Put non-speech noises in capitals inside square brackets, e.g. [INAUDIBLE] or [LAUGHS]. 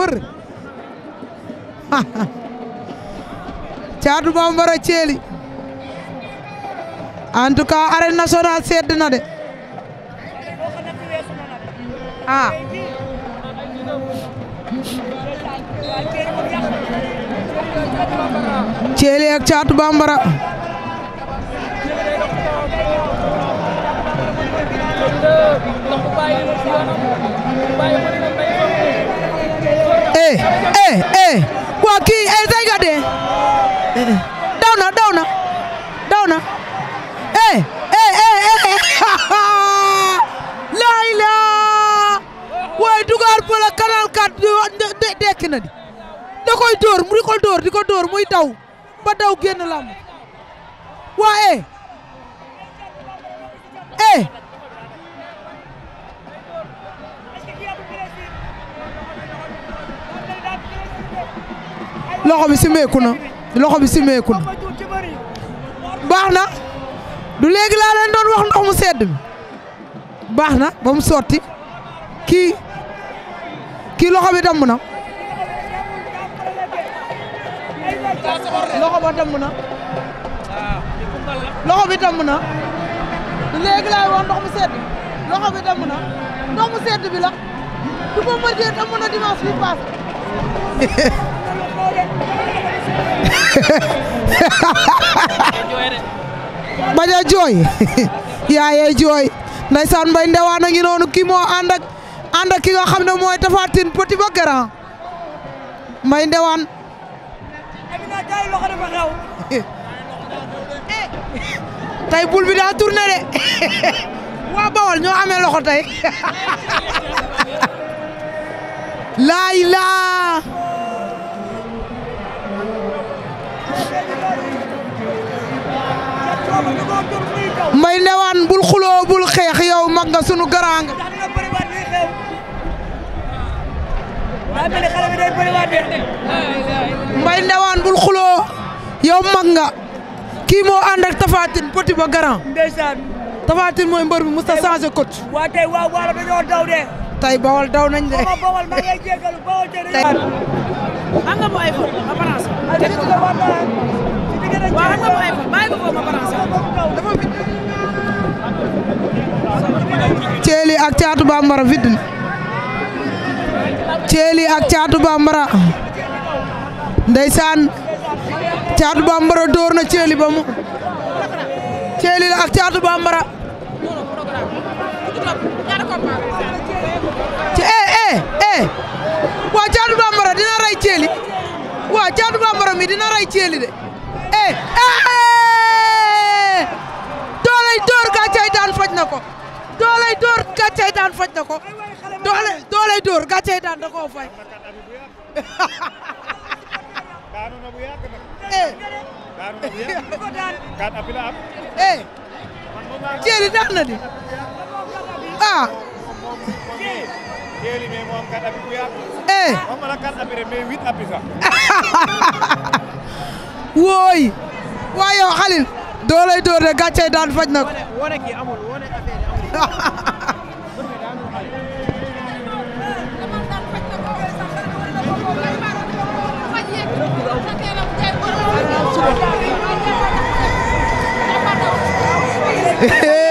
fër [LAUGHS] caatu bambara ceeli en tout cas arène nationale sedd na de ah caatu bambara eh eh waa kii eh tey nga dee daw na daw na daw na eh eh eh laa ilaa waay dugaar bala canal 4 dekk na di da koy dóor mu di dóor di ko dóor muy daw ba daw génn làmb waa eh eh loxo bi simeeku na loxo bi simeeku na baax na du léegi laa leen wax ndox mu sedd bi baax na ba mu sotti kii kii loxo bi damm na loxo na loxo bi damm na ndox mu sedd bi la du ko mën a na dimanche bi passé [LAUGHS] bañ a jooy yaayey jooy ndaysaan mbay ndewaan a ngi noonu kii moo ànd ak ànd ak ki nga xam ne mooy Tapha Tine ba grand mbay ndewaan tey bul bi daa tourné de waa Bawol ñoo amee loxo tey laay [LAUGHS] laay mbay newaan bul xuloo bul xeex yow mag nga sunu garaang. mbay newaan bul xuloo yow mag nga kii moo ànd ak Tafatine petit ba grand. Tafatine mooy mbër bi musta changé coach. waa daw bawal daw nañ de. waaw xam nga bàyyi ko bàyyi ko ak Thiatou Bambara vite na Thiely ak Thiatou Bambara ndeysaan na Thiely ba mu Thiely ak Thiatou Bambara ci eh eh eh waa Thiatou Bambara dina ray Thiely waa Thiatou Bambara mi dina ray Thiely de doolay dóor gàccay daan faj na ko faj na ko doole doolay dóor gàccay daan da na ah! bu yàgg nag. daanu na bu yàgg. kat api la [LAUGHS] wooy waaye yow Xalil doo door de gàccey daan faj na [LAUGHS] [LAUGHS]